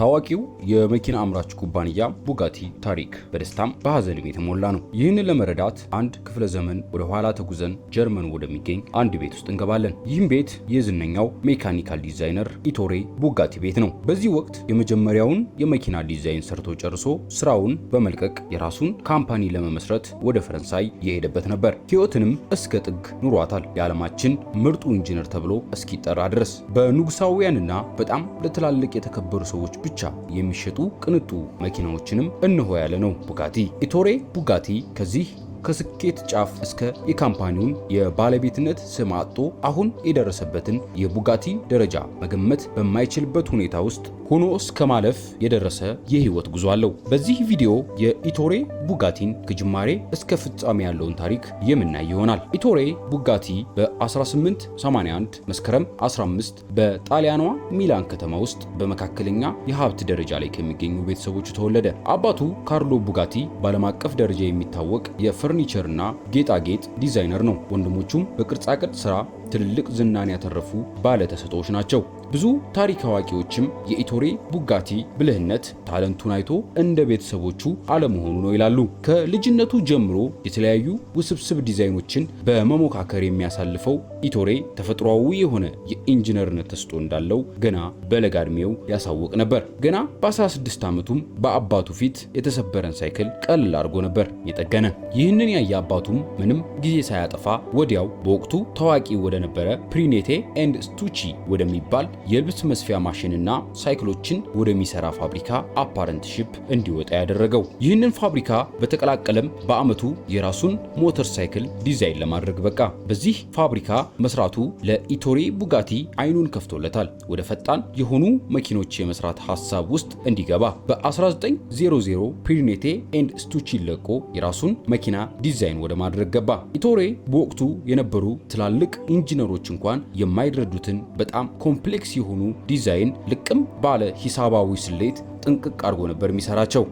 ታዋቂው የመኪና አምራች ኩባንያ ቡጋቲ ታሪክ በደስታም በሀዘን የተሞላ ነው። ይህንን ለመረዳት አንድ ክፍለ ዘመን ወደ ኋላ ተጉዘን ጀርመን ወደሚገኝ አንድ ቤት ውስጥ እንገባለን። ይህም ቤት የዝነኛው ሜካኒካል ዲዛይነር ኢቶሬ ቡጋቲ ቤት ነው። በዚህ ወቅት የመጀመሪያውን የመኪና ዲዛይን ሰርቶ ጨርሶ ስራውን በመልቀቅ የራሱን ካምፓኒ ለመመስረት ወደ ፈረንሳይ የሄደበት ነበር። ሕይወትንም እስከ ጥግ ኑሯታል። የዓለማችን ምርጡ ኢንጂነር ተብሎ እስኪጠራ ድረስ በንጉሳውያንና በጣም ለትላልቅ የተከበሩ ሰዎች ብቻ የሚሸጡ ቅንጡ መኪናዎችንም እንሆ ያለ ነው ቡጋቲ ኢቶሬ ቡጋቲ ከዚህ ከስኬት ጫፍ እስከ የካምፓኒውን የባለቤትነት ስም አጥቶ አሁን የደረሰበትን የቡጋቲ ደረጃ መገመት በማይችልበት ሁኔታ ውስጥ ሆኖ እስከ ማለፍ የደረሰ የህይወት ጉዞ አለው። በዚህ ቪዲዮ የኢቶሬ ቡጋቲን ከጅማሬ እስከ ፍጻሜ ያለውን ታሪክ የምናይ ይሆናል። ኢቶሬ ቡጋቲ በ1881 መስከረም 15 በጣሊያኗ ሚላን ከተማ ውስጥ በመካከለኛ የሀብት ደረጃ ላይ ከሚገኙ ቤተሰቦቹ ተወለደ። አባቱ ካርሎ ቡጋቲ በዓለም አቀፍ ደረጃ የሚታወቅ የፈ ፈርኒቸርና ጌጣጌጥ ዲዛይነር ነው። ወንድሞቹም በቅርጻቅርጽ ስራ ትልልቅ ዝናን ያተረፉ ባለተሰጦች ናቸው። ብዙ ታሪክ አዋቂዎችም የኢቶሬ ቡጋቲ ብልህነት ታለንቱን አይቶ እንደ ቤተሰቦቹ አለመሆኑ ነው ይላሉ። ከልጅነቱ ጀምሮ የተለያዩ ውስብስብ ዲዛይኖችን በመሞካከር የሚያሳልፈው ኢቶሬ ተፈጥሯዊ የሆነ የኢንጂነርነት ተስጦ እንዳለው ገና በለጋ ዕድሜው ያሳውቅ ነበር። ገና በ16 ዓመቱም በአባቱ ፊት የተሰበረን ሳይክል ቀልል አድርጎ ነበር የጠገነ። ይህንን ያየ አባቱም ምንም ጊዜ ሳያጠፋ ወዲያው በወቅቱ ታዋቂ ወደ ስለነበረ ፕሪኔቴ ኤንድ ስቱቺ ወደሚባል የልብስ መስፊያ ማሽንና ሳይክሎችን ወደሚሰራ ፋብሪካ አፓረንትሺፕ እንዲወጣ ያደረገው። ይህንን ፋብሪካ በተቀላቀለም በአመቱ የራሱን ሞተር ሳይክል ዲዛይን ለማድረግ በቃ። በዚህ ፋብሪካ መስራቱ ለኢቶሬ ቡጋቲ አይኑን ከፍቶለታል። ወደ ፈጣን የሆኑ መኪኖች የመስራት ሀሳብ ውስጥ እንዲገባ በ1900 ፕሪኔቴ ኤንድ ስቱቺ ለቆ የራሱን መኪና ዲዛይን ወደ ማድረግ ገባ። ኢቶሬ በወቅቱ የነበሩ ትላልቅ ኢንጂነሮች እንኳን የማይረዱትን በጣም ኮምፕሌክስ የሆኑ ዲዛይን ልቅም ባለ ሂሳባዊ ስሌት ጥንቅቅ አድርጎ ነበር የሚሰራቸው።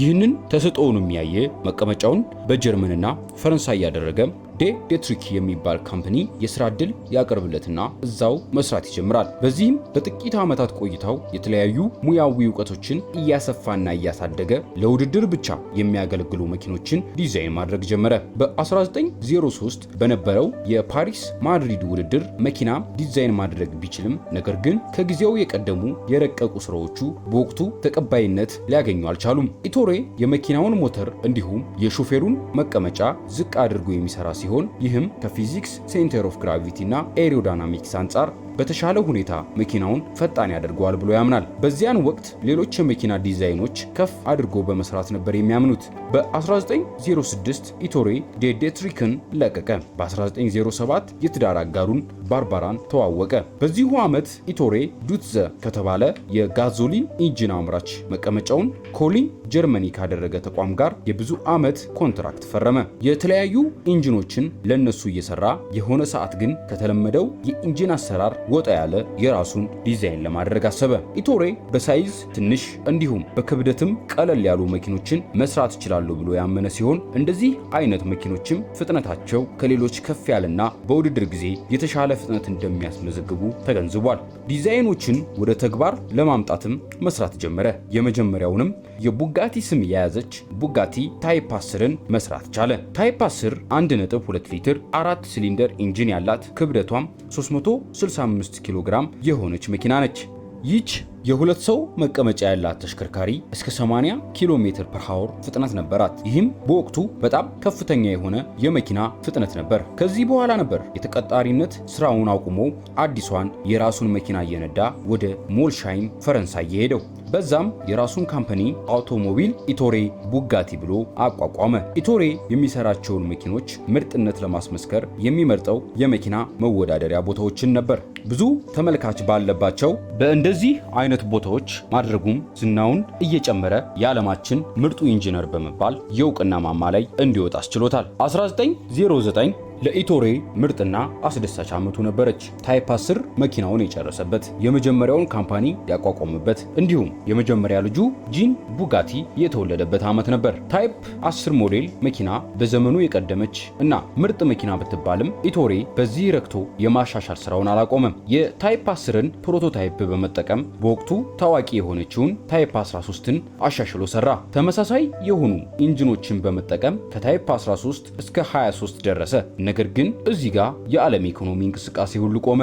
ይህንን ተሰጥኦውን የሚያየ መቀመጫውን በጀርመንና ፈረንሳይ ያደረገ ዴ ዴትሪክ የሚባል ካምፕኒ የስራ ዕድል ያቀርብለትና እዛው መስራት ይጀምራል። በዚህም በጥቂት ዓመታት ቆይታው የተለያዩ ሙያዊ እውቀቶችን እያሰፋና እያሳደገ ለውድድር ብቻ የሚያገለግሉ መኪኖችን ዲዛይን ማድረግ ጀመረ። በ1903 በነበረው የፓሪስ ማድሪድ ውድድር መኪና ዲዛይን ማድረግ ቢችልም ነገር ግን ከጊዜው የቀደሙ የረቀቁ ስራዎቹ በወቅቱ ተቀባይነት ሊያገኙ አልቻሉም። ኢቶሬ የመኪናውን ሞተር እንዲሁም የሾፌሩን መቀመጫ ዝቅ አድርጎ የሚሰራ ሲሆን ይህም ከፊዚክስ ሴንተር ኦፍ ግራቪቲ እና ኤሮዳይናሚክስ አንጻር በተሻለ ሁኔታ መኪናውን ፈጣን ያደርገዋል ብሎ ያምናል። በዚያን ወቅት ሌሎች የመኪና ዲዛይኖች ከፍ አድርጎ በመስራት ነበር የሚያምኑት። በ1906 ኢቶሬ ዴዴትሪክን ለቀቀ። በ1907 የትዳር አጋሩን ባርባራን ተዋወቀ። በዚሁ ዓመት ኢቶሬ ዱትዘ ከተባለ የጋዞሊን ኢንጂን አምራች መቀመጫውን ኮሊን ጀርመኒ ካደረገ ተቋም ጋር የብዙ ዓመት ኮንትራክት ፈረመ። የተለያዩ ኢንጂኖችን ለነሱ እየሰራ የሆነ ሰዓት ግን ከተለመደው የኢንጂን አሰራር ወጣ ያለ የራሱን ዲዛይን ለማድረግ አሰበ። ኢቶሬ በሳይዝ ትንሽ እንዲሁም በክብደትም ቀለል ያሉ መኪኖችን መስራት ይችላሉ ብሎ ያመነ ሲሆን እንደዚህ አይነት መኪኖችም ፍጥነታቸው ከሌሎች ከፍ ያለና በውድድር ጊዜ የተሻለ ፍጥነት እንደሚያስመዘግቡ ተገንዝቧል። ዲዛይኖችን ወደ ተግባር ለማምጣትም መስራት ጀመረ። የመጀመሪያውንም የቡጋቲ ስም የያዘች ቡጋቲ ታይፕ አስርን መስራት ቻለ። ታይፕ 10 1.2 ሊትር አራት ሲሊንደር ኢንጂን ያላት ክብደቷም 365 5 ኪሎ ግራም የሆነች መኪና ነች። ይች የሁለት ሰው መቀመጫ ያላት ተሽከርካሪ እስከ 80 ኪሎ ሜትር ፐር ሃወር ፍጥነት ነበራት። ይህም በወቅቱ በጣም ከፍተኛ የሆነ የመኪና ፍጥነት ነበር። ከዚህ በኋላ ነበር የተቀጣሪነት ስራውን አቁሞ አዲሷን የራሱን መኪና እየነዳ ወደ ሞልሻይም ፈረንሳይ የሄደው። በዛም የራሱን ካምፓኒ አውቶሞቢል ኢቶሬ ቡጋቲ ብሎ አቋቋመ። ኢቶሬ የሚሰራቸውን መኪኖች ምርጥነት ለማስመስከር የሚመርጠው የመኪና መወዳደሪያ ቦታዎችን ነበር። ብዙ ተመልካች ባለባቸው በእንደዚህ አይነት ቦታዎች ማድረጉም ዝናውን እየጨመረ የዓለማችን ምርጡ ኢንጂነር በመባል የእውቅና ማማ ላይ እንዲወጣ አስችሎታል። 1909 ለኢቶሬ ምርጥና አስደሳች ዓመቱ ነበረች። ታይፕ 10 መኪናውን የጨረሰበት የመጀመሪያውን ካምፓኒ ያቋቋመበት፣ እንዲሁም የመጀመሪያ ልጁ ጂን ቡጋቲ የተወለደበት ዓመት ነበር። ታይፕ 10 ሞዴል መኪና በዘመኑ የቀደመች እና ምርጥ መኪና ብትባልም ኢቶሬ በዚህ ረክቶ የማሻሻል ስራውን አላቆመም። የታይፕ 10ን ፕሮቶታይፕ በመጠቀም በወቅቱ ታዋቂ የሆነችውን ታይፕ 13ን አሻሽሎ ሰራ። ተመሳሳይ የሆኑ ኢንጂኖችን በመጠቀም ከታይፕ 13 እስከ 23 ደረሰ። ነገር ግን እዚህ ጋር የዓለም ኢኮኖሚ እንቅስቃሴ ሁሉ ቆመ።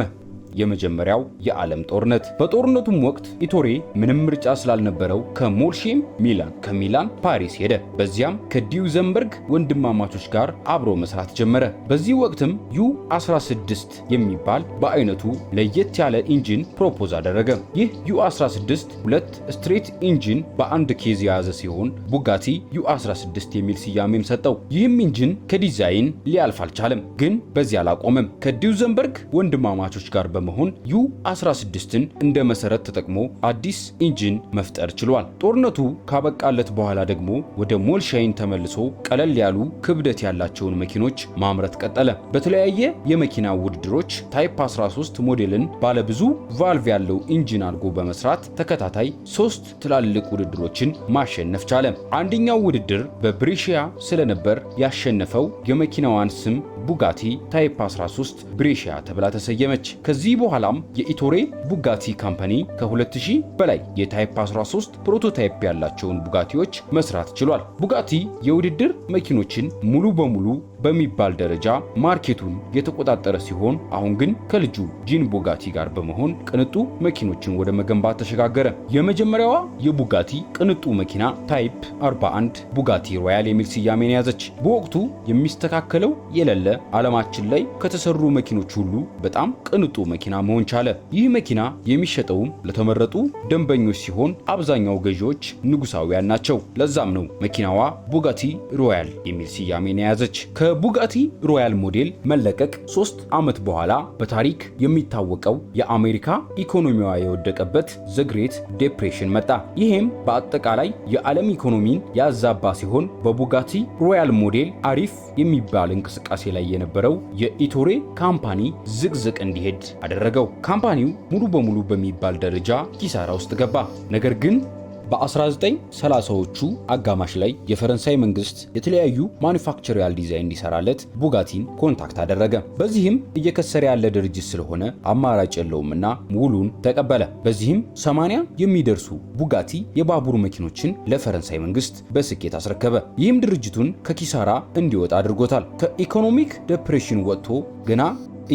የመጀመሪያው የዓለም ጦርነት። በጦርነቱም ወቅት ኢቶሬ ምንም ምርጫ ስላልነበረው ከሞልሼም ሚላን፣ ከሚላን ፓሪስ ሄደ። በዚያም ከዲዩዘንበርግ ወንድማማቾች ጋር አብሮ መስራት ጀመረ። በዚህ ወቅትም ዩ 16 የሚባል በአይነቱ ለየት ያለ ኢንጂን ፕሮፖዝ አደረገ። ይህ ዩ 16 ሁለት ስትሬት ኢንጂን በአንድ ኬዝ የያዘ ሲሆን ቡጋቲ ዩ 16 የሚል ስያሜም ሰጠው። ይህም ኢንጂን ከዲዛይን ሊያልፍ አልቻለም። ግን በዚያ አላቆመም። ከዲዩዘንበርግ ወንድማማቾች ጋር በ በመሆን ዩ-16ን እንደ መሰረት ተጠቅሞ አዲስ ኢንጂን መፍጠር ችሏል። ጦርነቱ ካበቃለት በኋላ ደግሞ ወደ ሞልሻይን ተመልሶ ቀለል ያሉ ክብደት ያላቸውን መኪኖች ማምረት ቀጠለ። በተለያየ የመኪና ውድድሮች ታይፕ 13 ሞዴልን ባለብዙ ቫልቭ ያለው ኢንጂን አድርጎ በመስራት ተከታታይ ሶስት ትላልቅ ውድድሮችን ማሸነፍ ቻለ። አንደኛው ውድድር በብሬሽያ ስለነበር ያሸነፈው የመኪናዋን ስም ቡጋቲ ታይፕ 13 ብሬሺያ ተብላ ተሰየመች። ከዚህ ከዚህ በኋላም የኢቶሬ ቡጋቲ ካምፓኒ ከ2000 በላይ የታይፕ 13 ፕሮቶታይፕ ያላቸውን ቡጋቲዎች መስራት ችሏል። ቡጋቲ የውድድር መኪኖችን ሙሉ በሙሉ በሚባል ደረጃ ማርኬቱን የተቆጣጠረ ሲሆን አሁን ግን ከልጁ ጂን ቡጋቲ ጋር በመሆን ቅንጡ መኪኖችን ወደ መገንባት ተሸጋገረ። የመጀመሪያዋ የቡጋቲ ቅንጡ መኪና ታይፕ 41 ቡጋቲ ሮያል የሚል ስያሜን ያዘች። በወቅቱ የሚስተካከለው የሌለ ዓለማችን ላይ ከተሰሩ መኪኖች ሁሉ በጣም ቅንጡ መኪና መሆን ቻለ። ይህ መኪና የሚሸጠውም ለተመረጡ ደንበኞች ሲሆን አብዛኛው ገዢዎች ንጉሳውያን ናቸው። ለዛም ነው መኪናዋ ቡጋቲ ሮያል የሚል ስያሜን የያዘች። ከቡጋቲ ሮያል ሞዴል መለቀቅ ሶስት ዓመት በኋላ በታሪክ የሚታወቀው የአሜሪካ ኢኮኖሚዋ የወደቀበት ዘግሬት ዴፕሬሽን መጣ። ይህም በአጠቃላይ የዓለም ኢኮኖሚን ያዛባ ሲሆን በቡጋቲ ሮያል ሞዴል አሪፍ የሚባል እንቅስቃሴ ላይ የነበረው የኢቶሬ ካምፓኒ ዝቅዝቅ እንዲሄድ አደረገው። ካምፓኒው ሙሉ በሙሉ በሚባል ደረጃ ኪሳራ ውስጥ ገባ። ነገር ግን በ1930ዎቹ አጋማሽ ላይ የፈረንሳይ መንግስት የተለያዩ ማኑፋክቸሪያል ዲዛይን እንዲሰራለት ቡጋቲን ኮንታክት አደረገ። በዚህም እየከሰረ ያለ ድርጅት ስለሆነ አማራጭ የለውምና ሙሉን ተቀበለ። በዚህም 80 የሚደርሱ ቡጋቲ የባቡር መኪኖችን ለፈረንሳይ መንግስት በስኬት አስረከበ። ይህም ድርጅቱን ከኪሳራ እንዲወጣ አድርጎታል። ከኢኮኖሚክ ዲፕሬሽን ወጥቶ ገና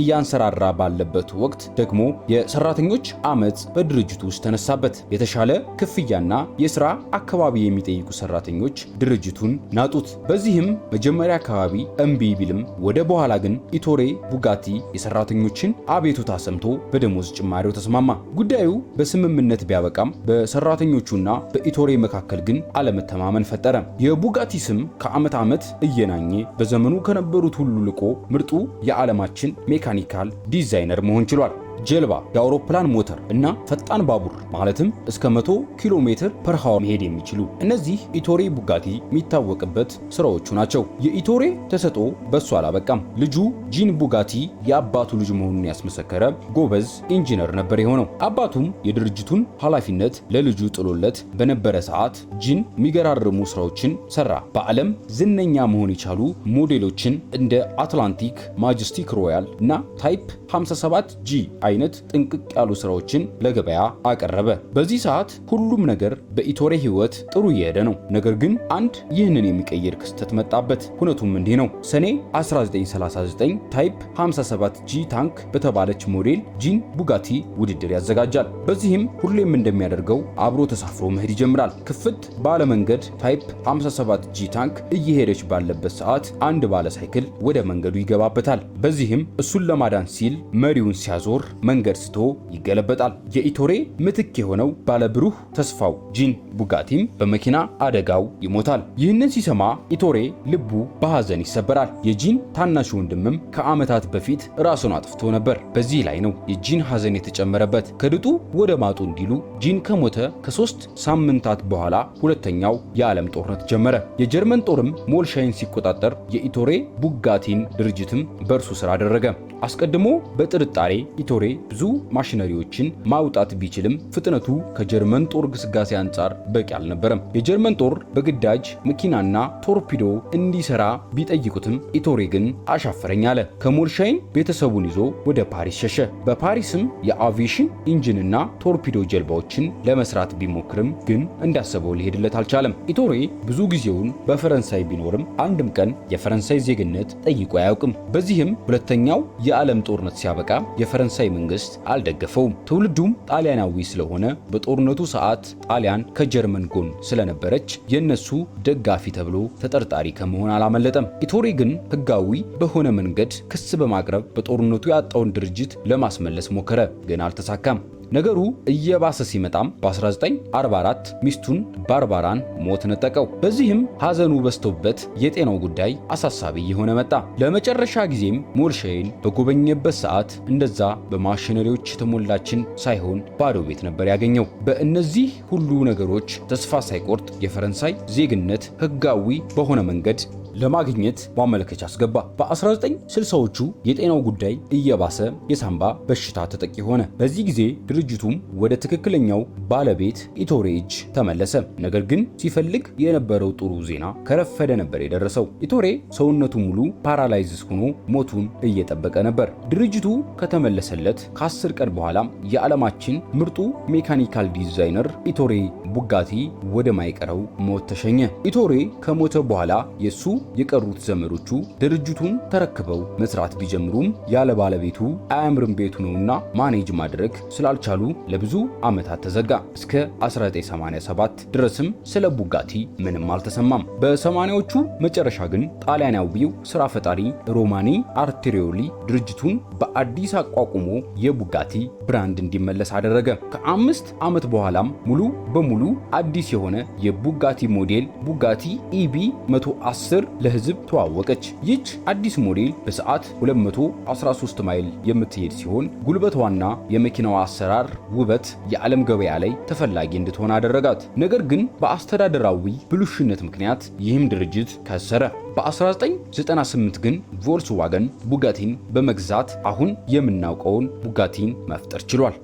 እያንሰራራ ባለበት ወቅት ደግሞ የሰራተኞች አመፅ በድርጅቱ ውስጥ ተነሳበት። የተሻለ ክፍያና የስራ አካባቢ የሚጠይቁ ሰራተኞች ድርጅቱን ናጡት። በዚህም መጀመሪያ አካባቢ እምቢ ቢልም ወደ በኋላ ግን ኢቶሬ ቡጋቲ የሰራተኞችን አቤቱታ ሰምቶ በደሞዝ ጭማሪው ተስማማ። ጉዳዩ በስምምነት ቢያበቃም በሰራተኞቹና በኢቶሬ መካከል ግን አለመተማመን ፈጠረ። የቡጋቲ ስም ከዓመት ዓመት እየናኘ በዘመኑ ከነበሩት ሁሉ ልቆ ምርጡ የዓለማችን ሜካ ሜካኒካል ዲዛይነር መሆን ችሏል። ጀልባ፣ የአውሮፕላን ሞተር እና ፈጣን ባቡር ማለትም እስከ 100 ኪሎ ሜትር ፐር ሃወር መሄድ የሚችሉ እነዚህ ኢቶሬ ቡጋቲ የሚታወቅበት ስራዎቹ ናቸው። የኢቶሬ ተሰጦ በሱ አላበቃም። ልጁ ጂን ቡጋቲ የአባቱ ልጅ መሆኑን ያስመሰከረ ጎበዝ ኢንጂነር ነበር የሆነው። አባቱም የድርጅቱን ኃላፊነት ለልጁ ጥሎለት በነበረ ሰዓት ጂን የሚገራርሙ ስራዎችን ሰራ። በዓለም ዝነኛ መሆን የቻሉ ሞዴሎችን እንደ አትላንቲክ፣ ማጅስቲክ ሮያል እና ታይፕ 57 ጂ አይነት ጥንቅቅ ያሉ ስራዎችን ለገበያ አቀረበ። በዚህ ሰዓት ሁሉም ነገር በኢቶሬ ህይወት ጥሩ እየሄደ ነው። ነገር ግን አንድ ይህንን የሚቀይር ክስተት መጣበት። ሁነቱም እንዲህ ነው። ሰኔ 1939 ታይፕ 57 ጂ ታንክ በተባለች ሞዴል ጂን ቡጋቲ ውድድር ያዘጋጃል። በዚህም ሁሌም እንደሚያደርገው አብሮ ተሳፍሮ መሄድ ይጀምራል። ክፍት ባለመንገድ ታይፕ 57 ጂ ታንክ እየሄደች ባለበት ሰዓት አንድ ባለሳይክል ወደ መንገዱ ይገባበታል። በዚህም እሱን ለማዳን ሲል መሪውን ሲያዞር መንገድ ስቶ ይገለበጣል። የኢቶሬ ምትክ የሆነው ባለብሩህ ተስፋው ጂን ቡጋቲም በመኪና አደጋው ይሞታል። ይህንን ሲሰማ ኢቶሬ ልቡ በሐዘን ይሰበራል። የጂን ታናሽ ወንድምም ከዓመታት በፊት ራሱን አጥፍቶ ነበር። በዚህ ላይ ነው የጂን ሐዘን የተጨመረበት። ከድጡ ወደ ማጡ እንዲሉ ጂን ከሞተ ከሶስት ሳምንታት በኋላ ሁለተኛው የዓለም ጦርነት ጀመረ። የጀርመን ጦርም ሞልሻይን ሲቆጣጠር የኢቶሬ ቡጋቲን ድርጅትም በእርሱ ስራ አደረገ። አስቀድሞ በጥርጣሬ ኢቶሬ ቡሬ ብዙ ማሽነሪዎችን ማውጣት ቢችልም ፍጥነቱ ከጀርመን ጦር ግስጋሴ አንጻር በቂ አልነበረም። የጀርመን ጦር በግዳጅ መኪናና ቶርፒዶ እንዲሰራ ቢጠይቁትም ኢቶሬ ግን አሻፈረኝ አለ። ከሞልሻይን ቤተሰቡን ይዞ ወደ ፓሪስ ሸሸ። በፓሪስም የአቪሽን ኢንጂንና ቶርፒዶ ጀልባዎችን ለመስራት ቢሞክርም ግን እንዳሰበው ሊሄድለት አልቻለም። ኢቶሬ ብዙ ጊዜውን በፈረንሳይ ቢኖርም አንድም ቀን የፈረንሳይ ዜግነት ጠይቆ አያውቅም። በዚህም ሁለተኛው የዓለም ጦርነት ሲያበቃ የፈረንሳይ መንግስት አልደገፈውም። ትውልዱም ጣሊያናዊ ስለሆነ በጦርነቱ ሰዓት ጣሊያን ከጀርመን ጎን ስለነበረች የነሱ ደጋፊ ተብሎ ተጠርጣሪ ከመሆን አላመለጠም። ኢቶሬ ግን ህጋዊ በሆነ መንገድ ክስ በማቅረብ በጦርነቱ ያጣውን ድርጅት ለማስመለስ ሞከረ፣ ግን አልተሳካም። ነገሩ እየባሰ ሲመጣም በ1944 ሚስቱን ባርባራን ሞት ነጠቀው። በዚህም ሐዘኑ በዝቶበት የጤናው ጉዳይ አሳሳቢ የሆነ መጣ። ለመጨረሻ ጊዜም ሞልሼይን በጎበኘበት ሰዓት እንደዛ በማሽነሪዎች የተሞላችን ሳይሆን ባዶ ቤት ነበር ያገኘው። በእነዚህ ሁሉ ነገሮች ተስፋ ሳይቆርጥ የፈረንሳይ ዜግነት ህጋዊ በሆነ መንገድ ለማግኘት ማመለከቻ አስገባ። በ1960ዎቹ የጤናው ጉዳይ እየባሰ የሳምባ በሽታ ተጠቂ ሆነ። በዚህ ጊዜ ድርጅቱም ወደ ትክክለኛው ባለቤት ኢቶሬ እጅ ተመለሰ። ነገር ግን ሲፈልግ የነበረው ጥሩ ዜና ከረፈደ ነበር የደረሰው። ኢቶሬ ሰውነቱ ሙሉ ፓራላይዝስ ሆኖ ሞቱን እየጠበቀ ነበር። ድርጅቱ ከተመለሰለት ከ10 ቀን በኋላ የዓለማችን ምርጡ ሜካኒካል ዲዛይነር ኢቶሬ ቡጋቲ ወደ ማይቀረው ሞት ተሸኘ። ኢቶሬ ከሞተ በኋላ የሱ የቀሩት ዘመዶቹ ድርጅቱን ተረክበው መስራት ቢጀምሩም ያለ ባለቤቱ አያምርም ቤቱ ነውና ማኔጅ ማድረግ ስላልቻሉ ለብዙ ዓመታት ተዘጋ። እስከ 1987 ድረስም ስለ ቡጋቲ ምንም አልተሰማም። በሰማኒያዎቹ መጨረሻ ግን ጣሊያናዊው ስራ ፈጣሪ ሮማኒ አርቴሪዮሊ ድርጅቱን በአዲስ አቋቁሞ የቡጋቲ ብራንድ እንዲመለስ አደረገ። ከአምስት ዓመት በኋላም ሙሉ በሙሉ አዲስ የሆነ የቡጋቲ ሞዴል ቡጋቲ ኢቢ 110 ለህዝብ ተዋወቀች። ይች አዲስ ሞዴል በሰዓት 213 ማይል የምትሄድ ሲሆን ጉልበቷና የመኪናዋ አሰራር ውበት የዓለም ገበያ ላይ ተፈላጊ እንድትሆን አደረጋት። ነገር ግን በአስተዳደራዊ ብልሹነት ምክንያት ይህም ድርጅት ከሰረ። በ1998 ግን ቮልስዋገን ቡጋቲን በመግዛት አሁን የምናውቀውን ቡጋቲን መፍጠር ችሏል።